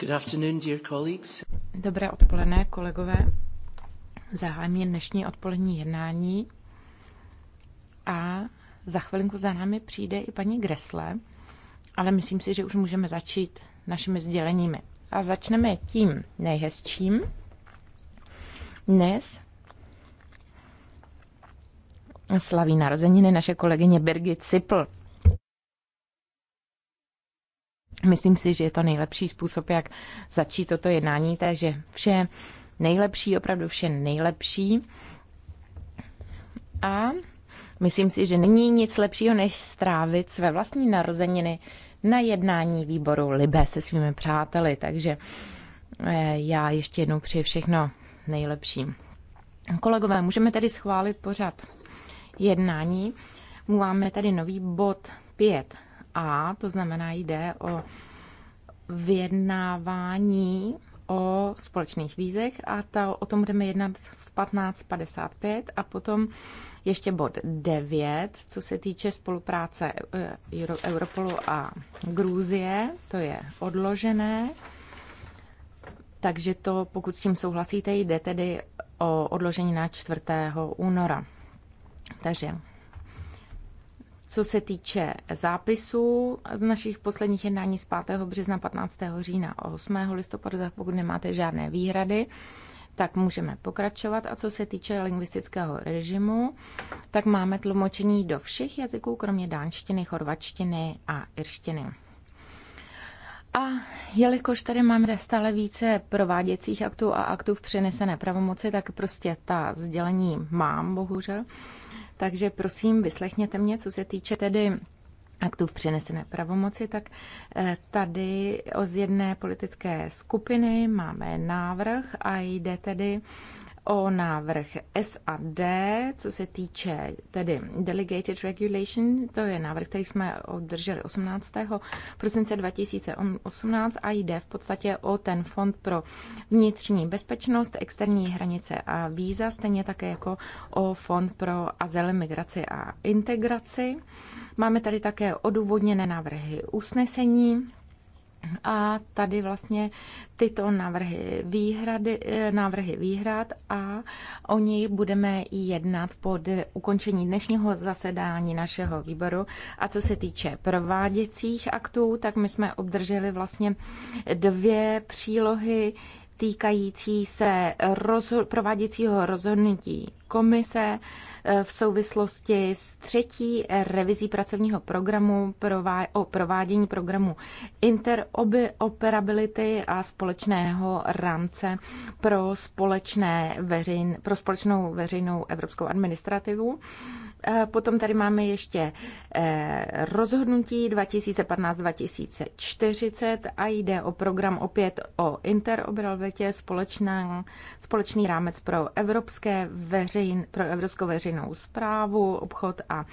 Good afternoon, dear colleagues. Dobré odpoledne, kolegové. Zahájíme dnešní odpolední jednání a za chvilinku za námi přijde i paní Gresle, ale myslím si, že už můžeme začít našimi sděleními. A začneme tím nejhezčím. Dnes slaví narozeniny naše kolegyně Birgit Sipl. Myslím si, že je to nejlepší způsob, jak začít toto jednání, takže vše nejlepší, opravdu vše nejlepší. A myslím si, že není nic lepšího, než strávit své vlastní narozeniny na jednání výboru Libe se svými přáteli, takže eh, já ještě jednou přeji všechno nejlepší. Kolegové, můžeme tedy schválit pořad jednání. Máme tady nový bod 5 a, to znamená, jde o vyjednávání o společných vízech a to, o tom budeme jednat v 15.55 a potom ještě bod 9, co se týče spolupráce eh, Euro, Europolu a Gruzie, to je odložené. Takže to, pokud s tím souhlasíte, jde tedy o odložení na 4. února. Takže co se týče zápisů z našich posledních jednání z 5. března, 15. října a 8. listopadu, tak pokud nemáte žádné výhrady, tak můžeme pokračovat. A co se týče lingvistického režimu, tak máme tlumočení do všech jazyků, kromě dánštiny, chorvačtiny a irštiny. A jelikož tady máme stále více prováděcích aktů a aktů v přenesené pravomoci, tak prostě ta sdělení mám, bohužel. Takže prosím, vyslechněte mě, co se týče tedy aktů v přenesené pravomoci, tak eh, tady z jedné politické skupiny máme návrh a jde tedy o návrh SAD, co se týče tedy Delegated Regulation, to je návrh, který jsme obdrželi 18. prosince 2018 a jde v podstatě o ten fond pro vnitřní bezpečnost, externí hranice a víza, stejně také jako o fond pro azyl, migraci a integraci. Máme tady také odůvodněné návrhy usnesení a tady vlastně tyto návrhy, výhrady, eh, návrhy výhrad a o nich budeme jednat po ukončení dnešního zasedání našeho výboru. A co se týče prováděcích aktů, tak my jsme obdrželi vlastně dvě přílohy týkající se rozho- prováděcího rozhodnutí komise eh, v souvislosti s třetí revizí pracovního programu o provádění programu interoperability a společného rámce pro, společné veřejn, pro společnou veřejnou evropskou administrativu. Eh, potom tady máme ještě eh, rozhodnutí 2015-2040 a jde o program opět o interoperabilitě, společný rámec pro evropské veřejné veřejn, pro evropskou veřejnou zprávu, obchod a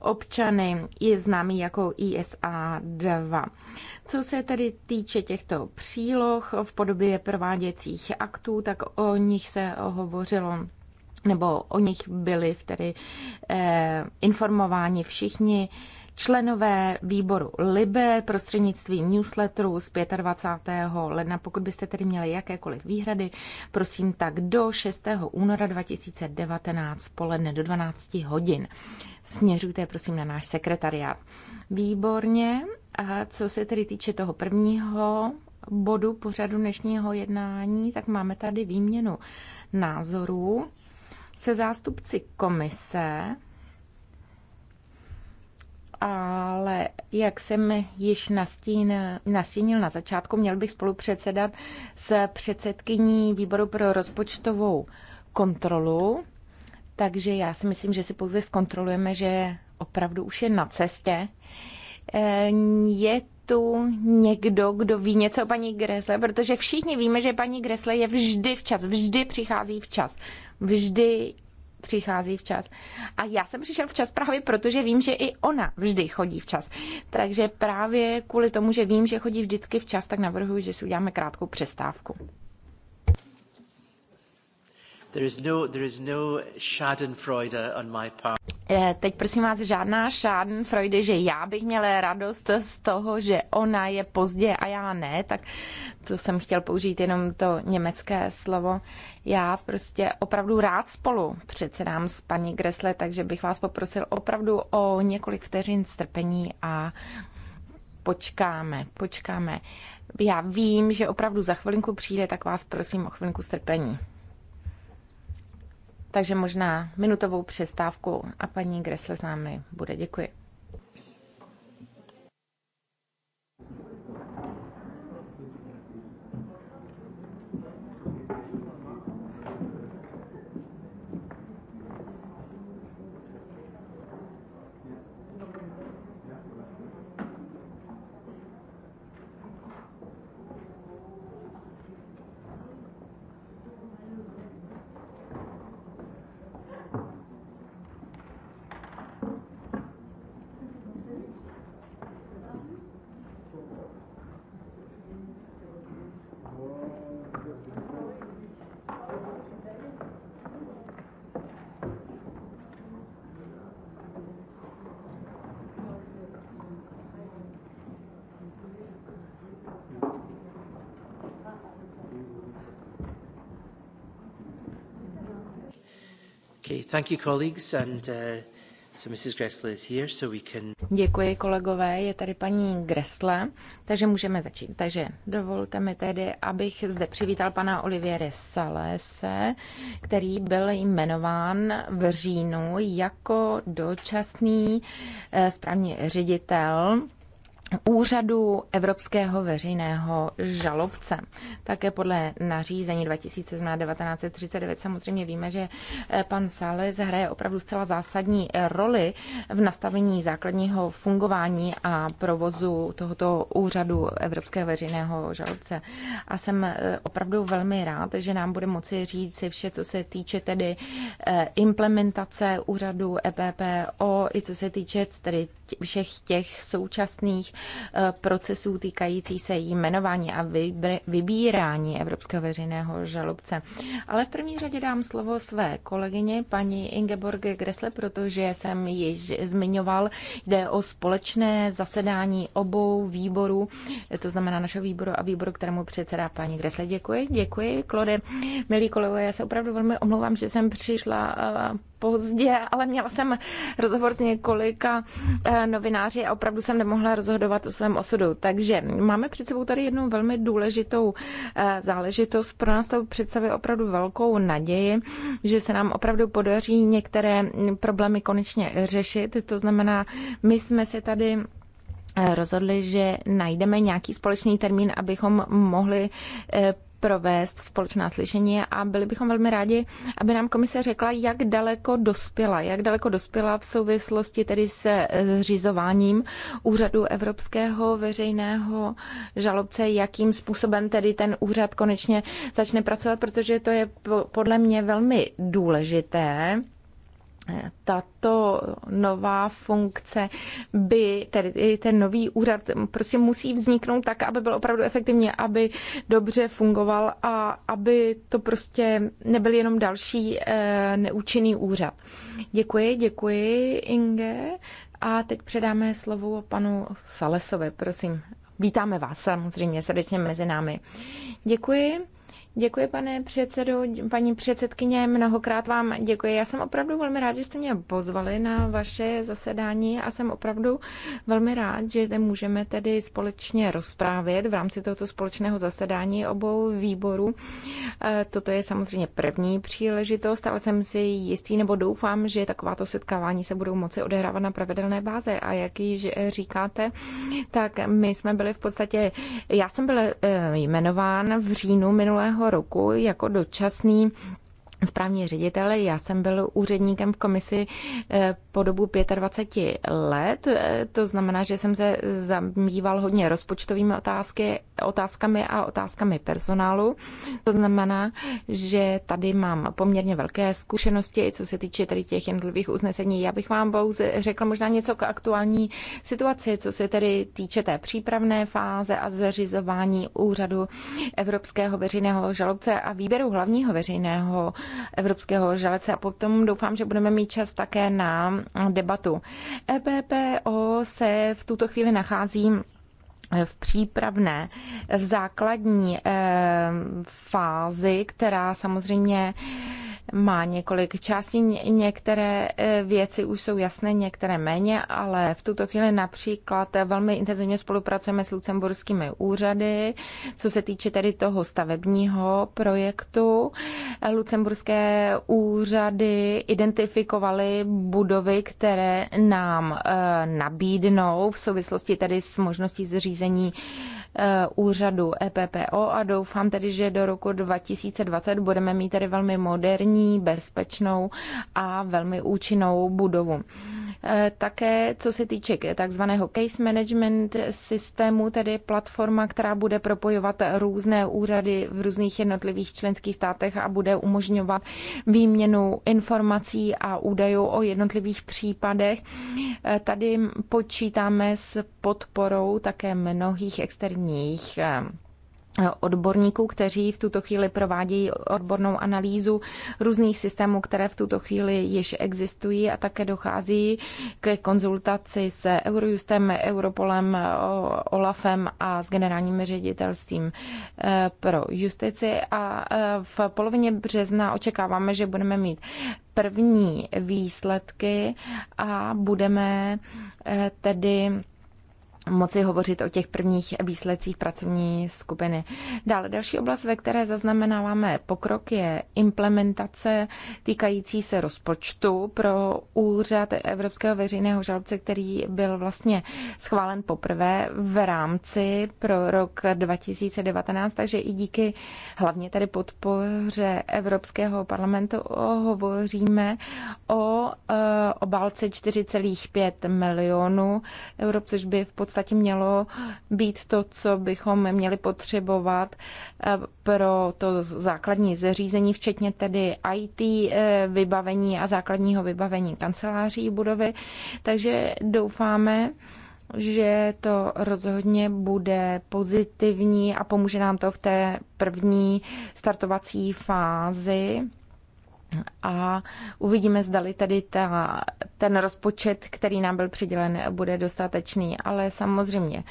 občany je známý jako ISA 2. Co se tedy týče těchto příloh v podobě prováděcích aktů, tak o nich se hovořilo nebo o nich byli tedy eh, informováni všichni členové výboru LIBE prostřednictvím newsletteru z 25. ledna. Pokud byste tedy měli jakékoliv výhrady, prosím tak do 6. února 2019 poledne do 12 hodin. Směřujte prosím na náš sekretariát. Výborně. A co se tedy týče toho prvního bodu pořadu dnešního jednání, tak máme tady výměnu názorů se zástupci komise ale jak jsem již nastínil, nastínil na začátku, měl bych spolupředsedat s předsedkyní výboru pro rozpočtovou kontrolu, takže já si myslím, že si pouze zkontrolujeme, že opravdu už je na cestě. E, je tu někdo, kdo ví něco o paní Gresle, protože všichni víme, že paní Gresle je vždy včas, vždy přichází včas, vždy přichází včas. A já jsem přišel včas právě proto, že vím, že i ona vždy chodí včas. Takže právě kvůli tomu, že vím, že chodí vždycky včas, tak navrhuji, že si uděláme krátkou přestávku. There is no, there is no schadenfreude on my part. Eh, teď prosím vás, žádná Freudy, že já bych měla radost z toho, že ona je pozdě a já ne, tak to jsem chtěl použít jenom to německé slovo. Já prostě opravdu rád spolu předsedám s paní Gresle, takže bych vás poprosil opravdu o několik vteřin strpení a počkáme, počkáme. Já vím, že opravdu za chvilinku přijde, tak vás prosím o chvilinku strpení. Takže možná minutovou přestávku a paní Gresle s námi bude. Děkuji. Okay, thank you colleagues and uh, so Mrs. Gressler is here so we can... Děkuji kolegové, je tady paní Gressle, takže můžeme začít. Takže dovolte mi tedy, abych zde přivítal pana Oliviere Salese, který byl jmenován v říjnu jako dočasný eh, správní ředitel úřadu Evropského veřejného žalobce. Také podle nařízení 2019 1939 samozřejmě víme, že eh, pan Sales hraje opravdu zcela zásadní eh, roli v nastavení základního fungování a provozu tohoto úřadu Evropského veřejného žalobce. A jsem eh, opravdu velmi rád, že nám bude moci říct si vše, co se týče tedy implementace úřadu EPPO i co se týče tedy všech těch současných Eh, procesů týkající se jmenování a vybírání Evropského veřejného žalobce. Ale v první řadě dám slovo své kolegyně, paní Ingeborg Gressle, protože jsem již zmiňoval, jde o společné zasedání obou výborů, to znamená našeho výboru a výboru, kterému předsedá paní Gressle. Děkuji, děkuji, Klode. Milí kolegové, já se opravdu velmi omlouvám, že jsem přišla eh, pozdě, ale měla jsem rozhovor s několika eh, novináři a opravdu jsem nemohla rozhodovat o svém osudu. Takže máme před sebou tady jednu velmi důležitou eh, záležitost. Pro nás to představuje opravdu velkou naději, že se nám opravdu podaří některé mm, problémy konečně řešit. To znamená, my jsme se tady eh, rozhodli, že najdeme nějaký společný termín, abychom mohli provést společná slyšení a byli bychom velmi rádi, aby nám komise řekla, jak daleko dospěla, jak daleko dospěla v souvislosti tedy se eh, zřizováním úřadu Evropského veřejného žalobce, jakým způsobem tedy ten úřad konečně začne pracovat, protože to je podle mě velmi důležité tato nová funkce by, tedy ten nový úřad, prostě musí vzniknout tak, aby byl opravdu efektivní, aby dobře fungoval a aby to prostě nebyl jenom další eh, neúčinný úřad. Děkuji, děkuji, Inge. A teď předáme slovo panu Salesovi, prosím. Vítáme vás samozřejmě srdečně mezi námi. Děkuji. Děkuji, pane předsedu, paní předsedkyně, mnohokrát vám děkuji. Já jsem opravdu velmi rád, že jste mě pozvali na vaše zasedání a jsem opravdu velmi rád, že zde můžeme tedy společně rozprávět v rámci tohoto společného zasedání obou výborů. E, toto je samozřejmě první příležitost, ale jsem si jistý nebo doufám, že takováto setkávání se budou moci odehrávat na pravidelné báze. A jak již říkáte, tak my jsme byli v podstatě, já jsem byl e, jmenován v říjnu minulého roku jako dočasný správní ředitel. Já jsem byl úředníkem v komisi eh, po dobu 25 let, eh, to znamená, že jsem se zabýval hodně rozpočtovými otázky, otázkami a otázkami personálu. To znamená, že tady mám poměrně velké zkušenosti, co se týče tady těch jednotlivých uznesení. Já bych vám pouze řekl možná něco k aktuální situaci, co se tedy týče té přípravné fáze a zařizování úřadu Evropského veřejného žalobce a výběru hlavního veřejného evropského žalece a potom doufám, že budeme mít čas také na debatu. EPPO se v tuto chvíli nachází v přípravné, v základní eh, fázi, která samozřejmě má několik částí. Některé eh, věci už jsou jasné, některé méně, ale v tuto chvíli například velmi intenzivně spolupracujeme s lucemburskými úřady, co se týče tedy toho stavebního projektu. Lucemburské úřady identifikovaly budovy, které nám eh, nabídnou v souvislosti tedy s možností zřízení řízení Eh, úřadu EPPO a doufám tedy, že do roku 2020 budeme mít tedy velmi moderní, bezpečnou a velmi účinnou budovu. Eh, také, co se týče takzvaného case management systému, tedy platforma, která bude propojovat různé úřady v různých jednotlivých členských státech a bude umožňovat výměnu informací a údajů o jednotlivých případech. Eh, tady počítáme s podporou také mnohých externích externích eh, odborníků, kteří v tuto chvíli provádějí odbornou analýzu různých systémů, které v tuto chvíli již existují a také dochází k konzultaci se Eurojustem, Europolem, Olafem a s generálním ředitelstvím eh, pro justici a eh, v polovině března očekáváme, že budeme mít první výsledky a budeme tedy moci hovořit o těch prvních výsledcích pracovní skupiny. Dále další oblast, ve které zaznamenáváme pokrok, je implementace týkající se rozpočtu pro úřad Evropského veřejného žalobce, který byl vlastně schválen poprvé v rámci pro rok 2019, takže i díky hlavně tady podpoře Evropského parlamentu hovoříme o e, obálce 4,5 milionů euro, což by v podstatě podstatě mělo být to, co bychom měli potřebovat eh, pro to základní zařízení, včetně tedy IT eh, vybavení a základního vybavení kanceláří budovy. Takže doufáme, že to rozhodně bude pozitivní a pomůže nám to v té první startovací fázi a uvidíme, zdali tedy ta, ten rozpočet, který nám byl přidělen, bude dostatečný. Ale samozřejmě,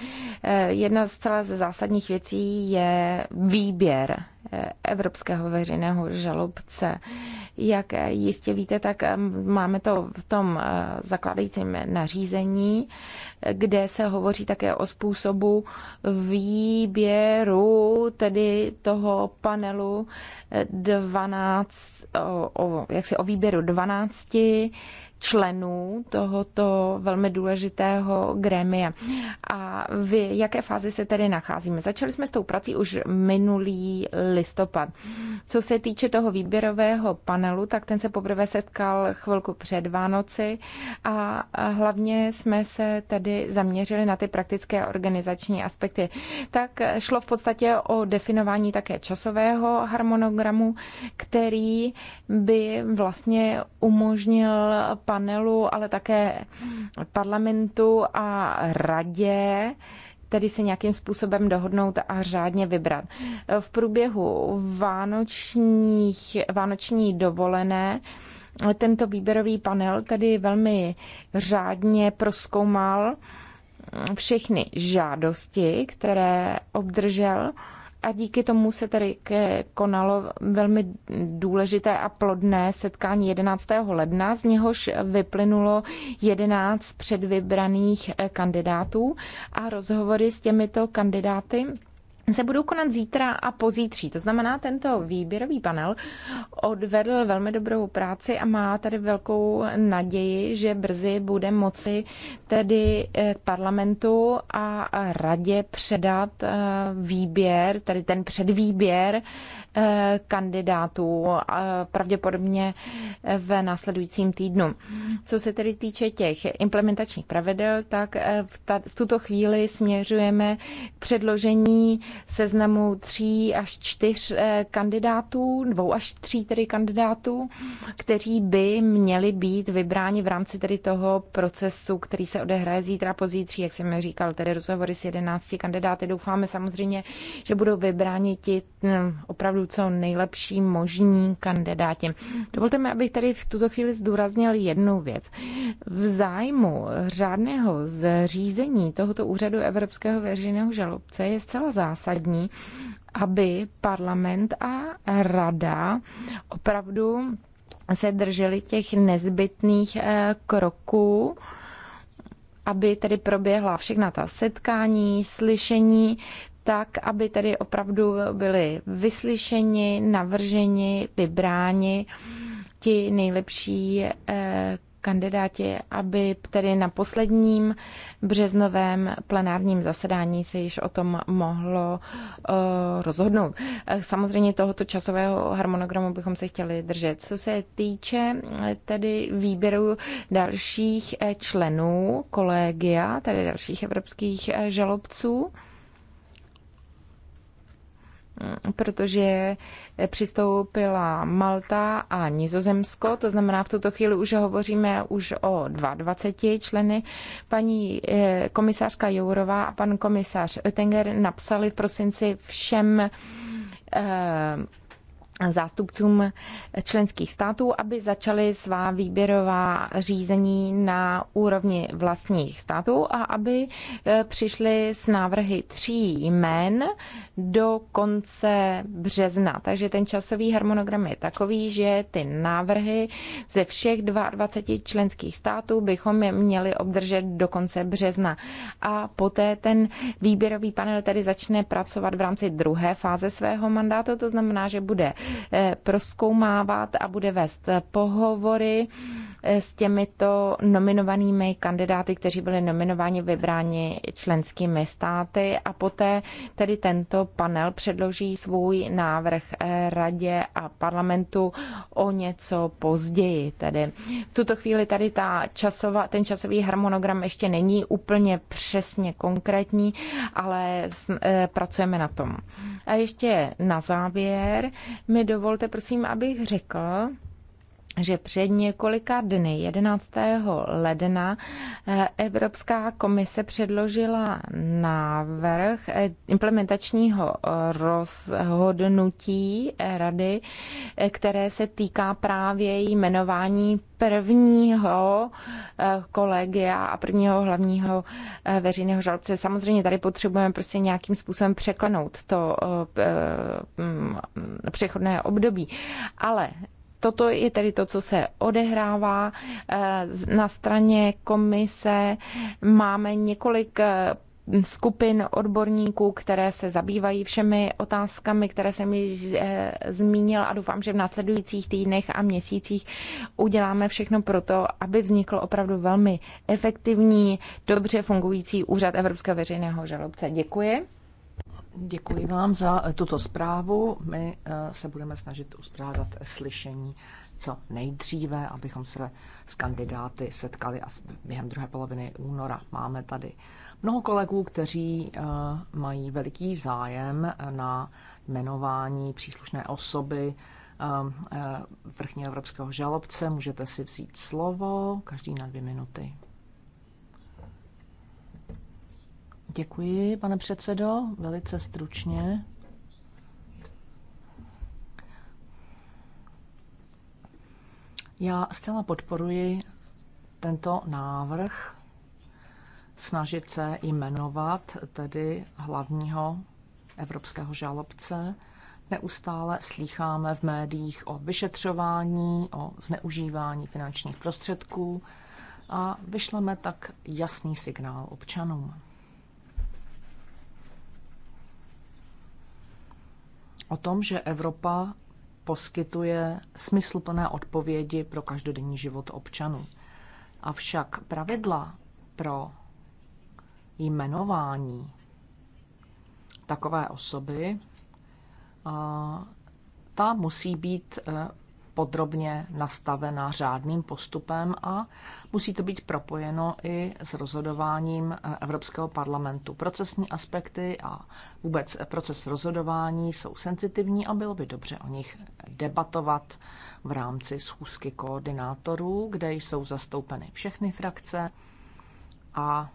eh, jedna z celé zásadních věcí je výběr Evropského veřejného žalobce. Jak jistě víte, tak eh, máme to v tom eh, zakladajícím nařízení, kde se hovoří také o způsobu výběru tedy toho panelu 12, eh, o, o, jaksi o výběru 12 členů tohoto velmi důležitého grémia. A v jaké fázi se tedy nacházíme? Začali jsme s tou prací už minulý listopad. Co se týče toho výběrového panelu, tak ten se poprvé setkal chvilku před Vánoci a hlavně jsme se tedy zaměřili na ty praktické organizační aspekty. Tak šlo v podstatě o definování také časového harmonogramu, který by vlastně umožnil panelu, ale také parlamentu a radě tedy se nějakým způsobem dohodnout a řádně vybrat. V průběhu vánočních, vánoční dovolené tento výběrový panel tedy velmi řádně proskoumal všechny žádosti, které obdržel a díky tomu se tedy konalo velmi důležité a plodné setkání 11. ledna, z něhož vyplynulo 11 předvybraných kandidátů a rozhovory s těmito kandidáty se budou konat zítra a pozítří. To znamená, tento výběrový panel odvedl velmi dobrou práci a má tady velkou naději, že brzy bude moci tedy eh, parlamentu a radě předat eh, výběr, tedy ten předvýběr eh, kandidátů pravděpodobně v následujícím týdnu. Co se tedy týče těch implementačních pravidel, tak v, ta, v tuto chvíli směřujeme k předložení seznamu tří až čtyř eh, kandidátů, dvou až tří tedy kandidátů, kteří by měli být vybráni v rámci tedy toho procesu, který se odehraje zítra pozítří, jak jsem říkal, tedy rozhovory s jedenácti kandidáty. Doufáme samozřejmě, že budou vybráni ti hm, opravdu co nejlepší možní kandidáti. Dovolte mi, abych tady v tuto chvíli zdůraznil jednu věc. V zájmu řádného zřízení tohoto úřadu Evropského veřejného žalobce je zcela zásadní, zásadní, aby parlament a rada opravdu se drželi těch nezbytných eh, kroků, aby tedy proběhla všechna ta setkání, slyšení, tak, aby tedy opravdu byli vyslyšeni, navrženi, vybráni ti nejlepší eh, kandidáti, aby tedy na posledním březnovém plenárním zasedání se již o tom mohlo eh, rozhodnout. Eh, samozřejmě tohoto časového harmonogramu bychom se chtěli držet. Co se týče eh, tedy výběru dalších členů kolegia, tedy dalších evropských žalobců, protože přistoupila Malta a Nizozemsko, to znamená v tuto chvíli už hovoříme už o 22 členy. Paní eh, komisářka Jourová a pan komisář Oettinger napsali v prosinci všem eh, zástupcům členských států, aby začaly svá výběrová řízení na úrovni vlastních států a aby eh, přišly s návrhy tří jmén do konce března. Takže ten časový harmonogram je takový, že ty návrhy ze všech 22 členských států bychom je měli obdržet do konce března. A poté ten výběrový panel tedy začne pracovat v rámci druhé fáze svého mandátu, to znamená, že bude Eh, proskoumávat a bude vést pohovory eh, s těmito nominovanými kandidáty, kteří byli nominováni, vybráni členskými státy a poté tedy tento panel předloží svůj návrh eh, radě a parlamentu o něco později. Tedy v tuto chvíli tady ta časová, ten časový harmonogram ještě není úplně přesně konkrétní, ale pracujeme na tom. A ještě na závěr, mi dovolte prosím, abych řekl, že před několika dny, 11. ledna, Evropská komise předložila návrh eh, implementačního rozhodnutí rady, eh, které se týká právě jmenování prvního eh, kolegia a prvního hlavního veřejného žalobce. Samozřejmě tady potřebujeme prostě nějakým způsobem překlenout to mm, přechodné období. Ale Toto je tedy to, co se odehrává eh, na straně komise. Máme několik eh, skupin odborníků, které se zabývají všemi otázkami, které jsem již eh, zmínil a doufám, že v následujících týdnech a měsících uděláme všechno pro to, aby vznikl opravdu velmi efektivní, dobře fungující úřad Evropského veřejného žalobce. Děkuji. Děkuji vám za eh, tuto zprávu. My eh, se budeme snažit uspořádat slyšení co nejdříve, abychom se s kandidáty setkali a během druhé poloviny února. Máme tady mnoho kolegů, kteří eh, mají veliký zájem na jmenování příslušné osoby vrchního evropského žalobce. Můžete si vzít slovo, každý na dvě minuty. Děkuji, pane předsedo, velice stručně. Já zcela podporuji tento návrh snažit se jmenovat tedy hlavního evropského žalobce. Neustále slýcháme v médiích o vyšetřování, o zneužívání finančních prostředků a vyšleme tak jasný signál občanům. o tom, že Evropa poskytuje smysluplné odpovědi pro každodenní život občanů. Avšak pravidla pro jmenování takové osoby, ta musí být e, podrobně nastavena řádným postupem a musí to být propojeno i s rozhodováním eh, Evropského parlamentu. Procesní aspekty a vůbec eh, proces rozhodování jsou senzitivní a bylo by dobře o nich debatovat v rámci schůzky koordinátorů, kde jsou zastoupeny všechny frakce a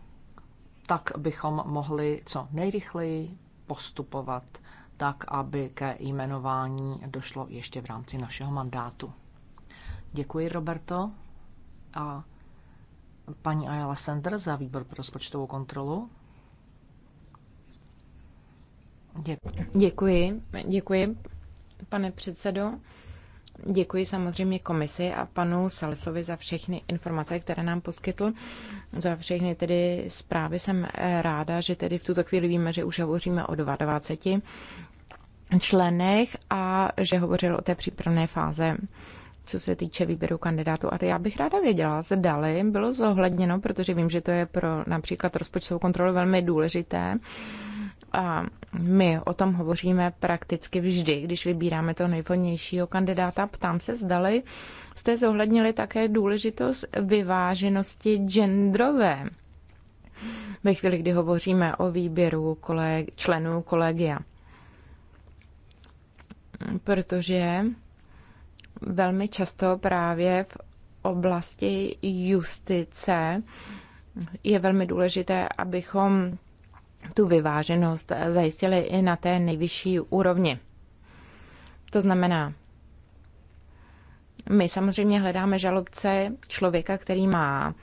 tak bychom mohli co nejrychleji postupovat tak aby ke jmenování došlo ještě v rámci našeho mandátu. Děkuji, Roberto. A paní Ayala Sender za výbor pro rozpočtovou kontrolu. Děkuji. Děkuji, děkuji pane předsedo. Děkuji samozřejmě komisi a panu Salesovi za všechny informace, které nám poskytl. Za všechny tedy zprávy jsem ráda, že tedy v tuto chvíli víme, že už hovoříme o 22 členech a že hovořil o té přípravné fáze co se týče výběru kandidátů. A to já bych ráda věděla, zdali bylo zohledněno, protože vím, že to je pro například rozpočtovou kontrolu velmi důležité. A my o tom hovoříme prakticky vždy, když vybíráme toho nejvhodnějšího kandidáta. Ptám se, zdali jste zohlednili také důležitost vyváženosti genderové ve chvíli, kdy hovoříme o výběru členů kolegia protože velmi často právě v oblasti justice je velmi důležité, abychom tu vyváženost zajistili i na té nejvyšší úrovni. To znamená, my samozřejmě hledáme žalobce člověka, který má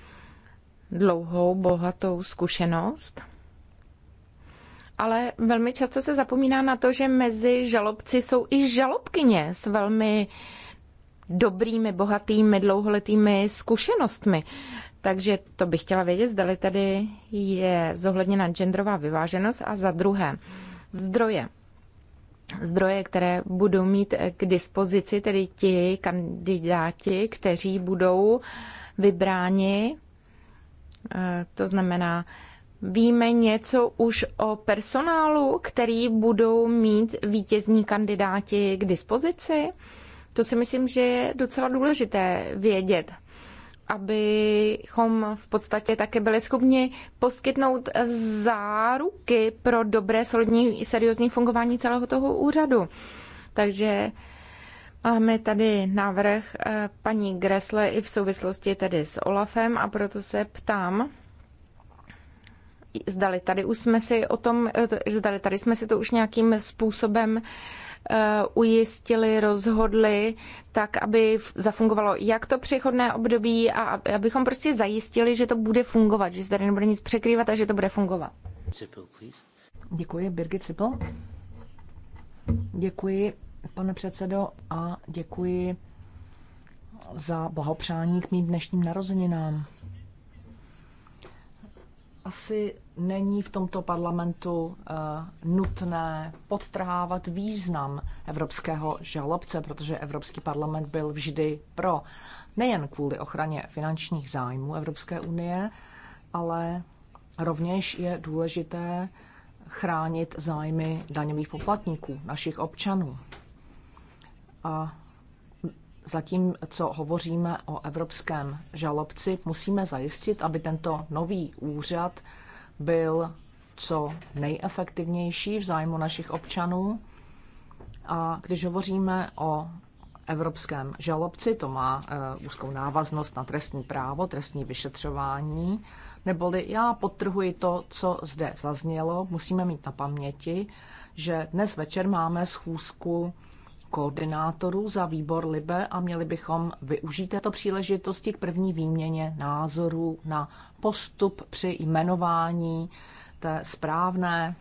dlouhou, bohatou zkušenost – ale velmi často se zapomíná na to, že mezi žalobci jsou i žalobkyně s velmi dobrými, bohatými, dlouholetými zkušenostmi. Takže to bych chtěla vědět, Zda tady je zohledněna genderová vyváženost a za druhé zdroje. Zdroje, které budou mít k dispozici, tedy ti kandidáti, kteří budou vybráni, eh, to znamená Víme něco už o personálu, který budou mít vítězní kandidáti k dispozici? To si myslím, že je docela důležité vědět, abychom v podstatě také byli schopni poskytnout záruky pro dobré, solidní, seriózní fungování celého toho úřadu. Takže Máme tady návrh eh, paní Gresle i v souvislosti tedy s Olafem a proto se ptám, zdali tady už jsme si o tom, eh, zdali tady jsme si to už nějakým způsobem eh, ujistili, rozhodli, tak aby zafungovalo jak to přechodné období a abychom prostě zajistili, že to bude fungovat, že se tady nebude nic překrývat a že to bude fungovat. please. Děkuji, Birgit Cipel. Děkuji, pane předsedo, a děkuji za blahopřání k mým dnešním narozeninám asi není v tomto parlamentu eh, nutné podtrhávat význam evropského žalobce, protože Evropský parlament byl vždy pro. Nejen kvůli ochraně finančních zájmů Evropské unie, ale rovněž je důležité chránit zájmy daňových poplatníků, našich občanů. A Zatím, co hovoříme o evropském žalobci, musíme zajistit, aby tento nový úřad byl co nejefektivnější v zájmu našich občanů. A když hovoříme o evropském žalobci, to má eh, úzkou návaznost na trestní právo, trestní vyšetřování, neboli já potrhuji to, co zde zaznělo, musíme mít na paměti, že dnes večer máme schůzku koordinátorů za výbor Libe a měli bychom využít této příležitosti k první výměně názorů na postup při jmenování té správné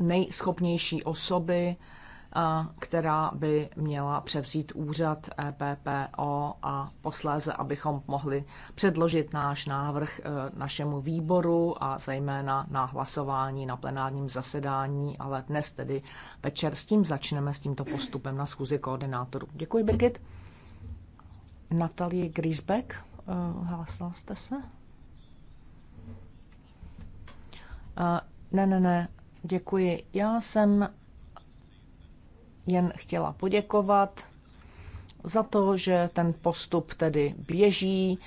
nejschopnější osoby která by měla převzít úřad EPPO a posléze, abychom mohli předložit náš návrh e, našemu výboru a zejména na hlasování na plenárním zasedání, ale dnes tedy večer s tím začneme s tímto postupem na schůzi koordinátorů. Děkuji, Birgit. Natalie Griesbeck, e, hlásila jste se? E, ne, ne, ne, děkuji. Já jsem jen chtěla poděkovat za to, že ten postup tedy běží.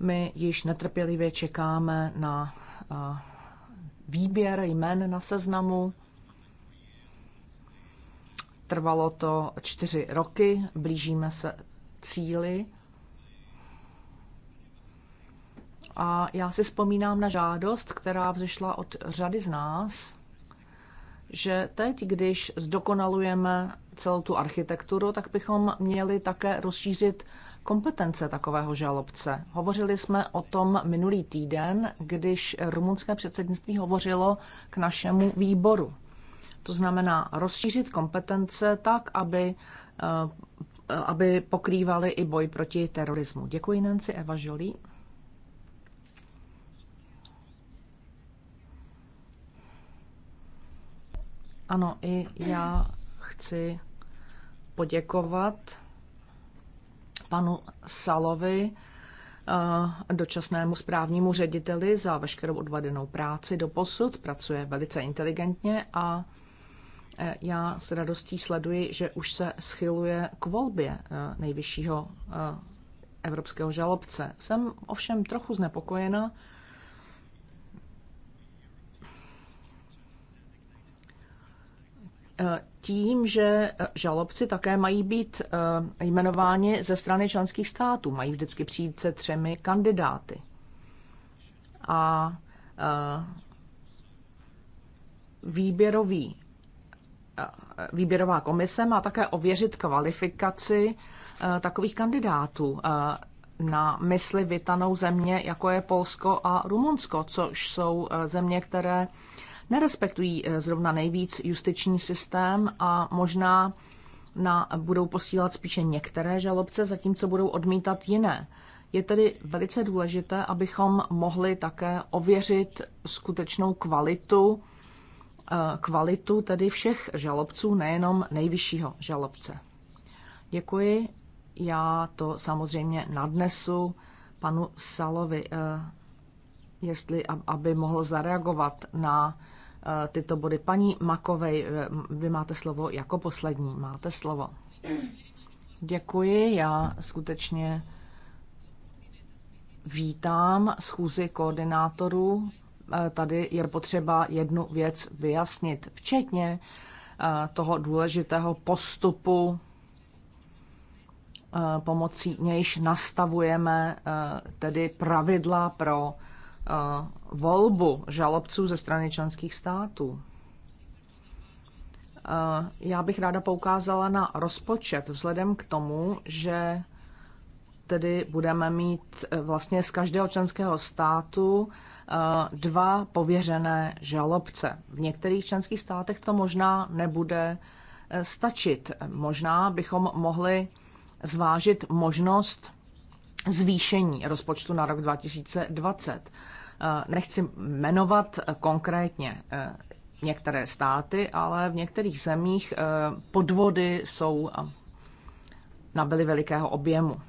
My již netrpělivě čekáme na eh, výběr jmen na seznamu. Trvalo to čtyři roky, blížíme se cíli. A já si vzpomínám na žádost, která vzešla od řady z nás že teď, když zdokonalujeme celou tu architekturu, tak bychom měli také rozšířit kompetence takového žalobce. Hovořili jsme o tom minulý týden, když rumunské předsednictví hovořilo k našemu výboru. To znamená rozšířit kompetence tak, aby, eh, aby pokrývali i boj proti terorismu. Děkuji Nancy Eva Jolie. Ano, i já chci poděkovat panu Salovi, eh, dočasnému správnímu řediteli za veškerou odvadenou práci do posud, pracuje velice inteligentně a eh, já s radostí sleduji, že už se schyluje k volbě eh, nejvyššího evropského žalobce. Jsem ovšem trochu znepokojena, tím, že eh, žalobci také mají být eh, jmenováni ze strany členských států. Mají vždycky přijít se třemi kandidáty. A eh, výběrový, výběrová komise má také ověřit kvalifikaci takových kandidátů na mysli vytanou země, jako je Polsko a Rumunsko, což jsou země, které nerespektují eh, zrovna nejvíc justiční systém a možná na, budou posílat spíše některé žalobce, zatímco budou odmítat jiné. Je tedy velice důležité, abychom mohli také ověřit skutečnou kvalitu, eh, kvalitu tedy všech žalobců, nejenom nejvyššího žalobce. Děkuji. Já to samozřejmě nadnesu panu Salovi, eh, jestli, aby mohl zareagovat na Eh, tyto body. Paní Makovej, eh, vy máte slovo jako poslední. Máte slovo. Děkuji, já skutečně vítám schůzi koordinátorů. Eh, tady je potřeba jednu věc vyjasnit, včetně toho důležitého postupu pomocí nějž nastavujeme tedy pravidla pro volbu žalobců ze strany členských států. Já bych ráda poukázala na rozpočet vzhledem k tomu, že tedy budeme mít e, vlastně z každého členského státu e, dva pověřené žalobce. V některých členských státech to možná nebude e, stačit. Možná bychom mohli zvážit možnost zvýšení rozpočtu na rok 2020. Eh, nechci jmenovat konkrétně eh, některé státy, ale v některých zemích eh, podvody jsou nabyly velikého objemu.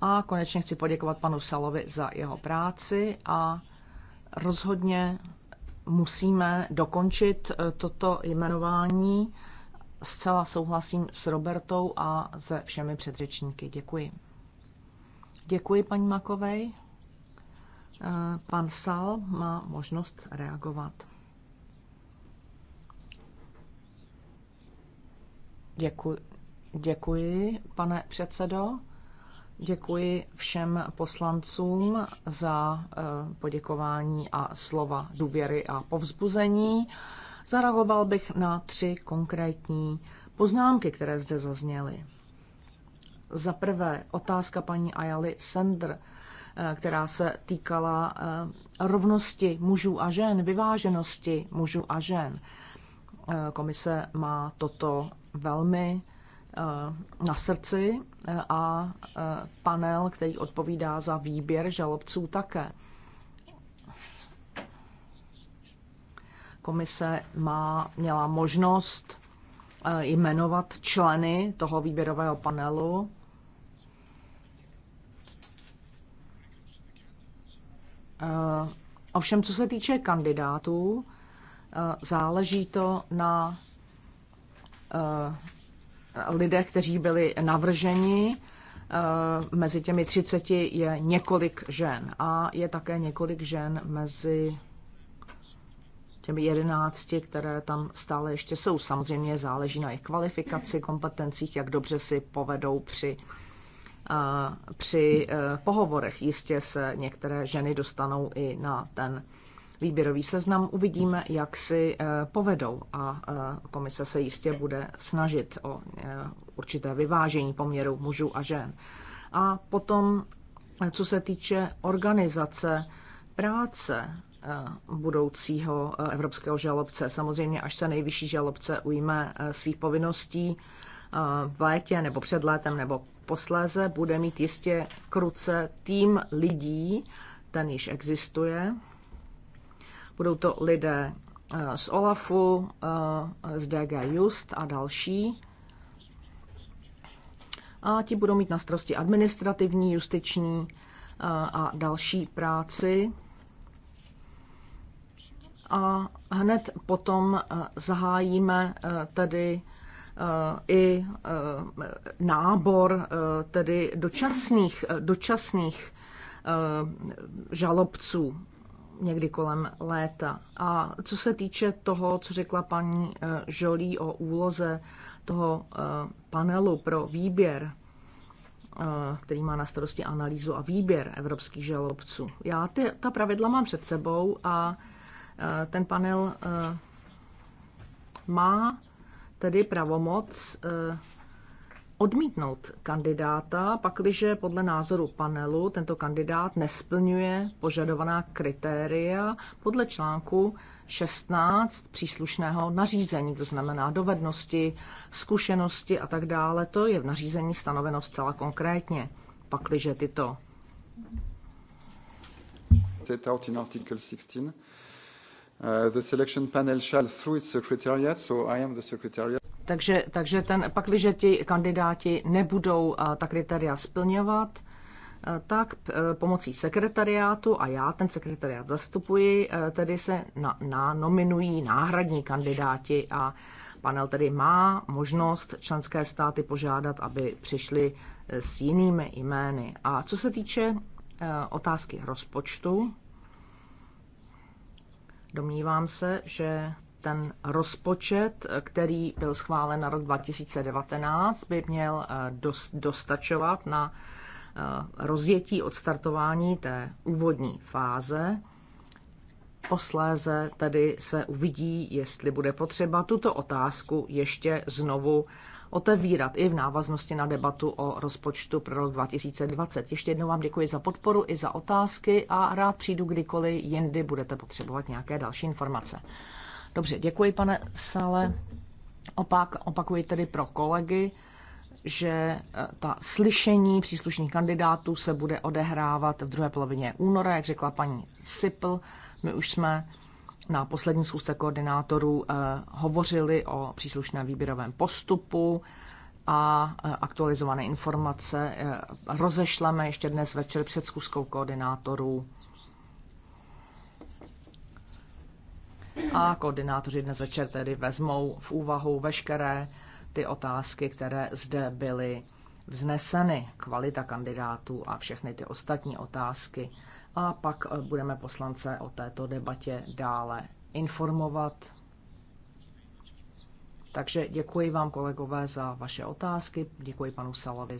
A konečně chci poděkovat panu Salovi za jeho práci a rozhodně musíme dokončit toto jmenování. Zcela souhlasím s Robertou a se všemi předřečníky. Děkuji. Děkuji, paní Makovej. Eh, pan Sal má možnost reagovat. Děkuji, děkuji pane předsedo. Děkuji všem poslancům za eh, poděkování a slova důvěry a povzbuzení. Zareagoval bych na tři konkrétní poznámky, které zde zazněly. Za prvé otázka paní Ayali Sender, eh, která se týkala eh, rovnosti mužů a žen, vyváženosti mužů a žen. Eh, komise má toto velmi na srdci a panel, který odpovídá za výběr žalobců také. Komise má, měla možnost jmenovat členy toho výběrového panelu Eh, ovšem, co se týče kandidátů, eh, záleží to na eh, lidech, kteří byli navrženi. Mezi těmi 30 je několik žen a je také několik žen mezi těmi 11, které tam stále ještě jsou. Samozřejmě záleží na jejich kvalifikaci, kompetencích, jak dobře si povedou při uh, při eh, pohovorech jistě se některé ženy dostanou i na ten výběrový seznam. Uvidíme, jak si eh, povedou a eh, komise se jistě bude snažit o určité vyvážení poměru mužů a žen. A potom, co se týče organizace práce budoucího evropského žalobce, samozřejmě až se nejvyšší žalobce ujme svých povinností, v létě nebo před létem nebo posléze bude mít jistě kruce tým lidí, ten již existuje. Budou to lidé e, z OLAFu, e, z DG Just a další. A ti budou mít na starosti administrativní, justiční e, a další práci. A hned potom zahájíme tedy Eh, i eh, nábor eh, tedy dočasných, dočasných žalobců někdy kolem léta. A co se týče toho, co řekla paní Žolí o úloze toho panelu pro výběr, který má na starosti analýzu a výběr evropských žalobců. Já ty, ta pravidla mám před sebou a ten panel má tedy pravomoc eh, odmítnout kandidáta, pakliže podle názoru panelu tento kandidát nesplňuje požadovaná kritéria podle článku 16 příslušného nařízení, to znamená dovednosti, zkušenosti a tak dále. To je v nařízení stanoveno zcela konkrétně. Pakliže tyto. 16. Uh, the selection panel shall through its secretariat, so I am the secretariat. Takže, takže ten, když ti kandidáti nebudou uh, ta kritéria splňovat, uh, tak uh, pomocí sekretariátu, a já ten sekretariát zastupuji, tedy se na, na nominují náhradní kandidáti a panel tedy má možnost členské státy požádat, aby přišli s jinými jmény. A co se týče otázky rozpočtu, Domnívám se, že ten rozpočet, který byl schválen na rok 2019, by měl eh, dostačovat na eh, rozjetí odstartování té úvodní fáze. Posléze tedy se uvidí, jestli bude potřeba tuto otázku ještě znovu otevírat i v návaznosti na debatu o rozpočtu pro rok 2020. Ještě jednou vám děkuji za podporu i za otázky a rád přijdu kdykoliv jindy budete potřebovat nějaké další informace. Dobře, děkuji, pane Sale. Opak, opakuji tedy pro kolegy, že eh, ta slyšení příslušných kandidátů se bude odehrávat v druhé polovině února, jak řekla paní Sipl. My už jsme na poslední schůzce koordinátorů eh, hovořili o příslušném výběrovém postupu a eh, aktualizované informace eh, rozešleme ještě dnes večer před schůzkou koordinátorů. A koordinátoři dnes večer tedy vezmou v úvahu veškeré ty otázky, které zde byly vzneseny, kvalita kandidátů a všechny ty ostatní otázky a pak eh, budeme poslance o této debatě dále informovat. Takže děkuji vám, kolegové, za vaše otázky, děkuji panu Salovi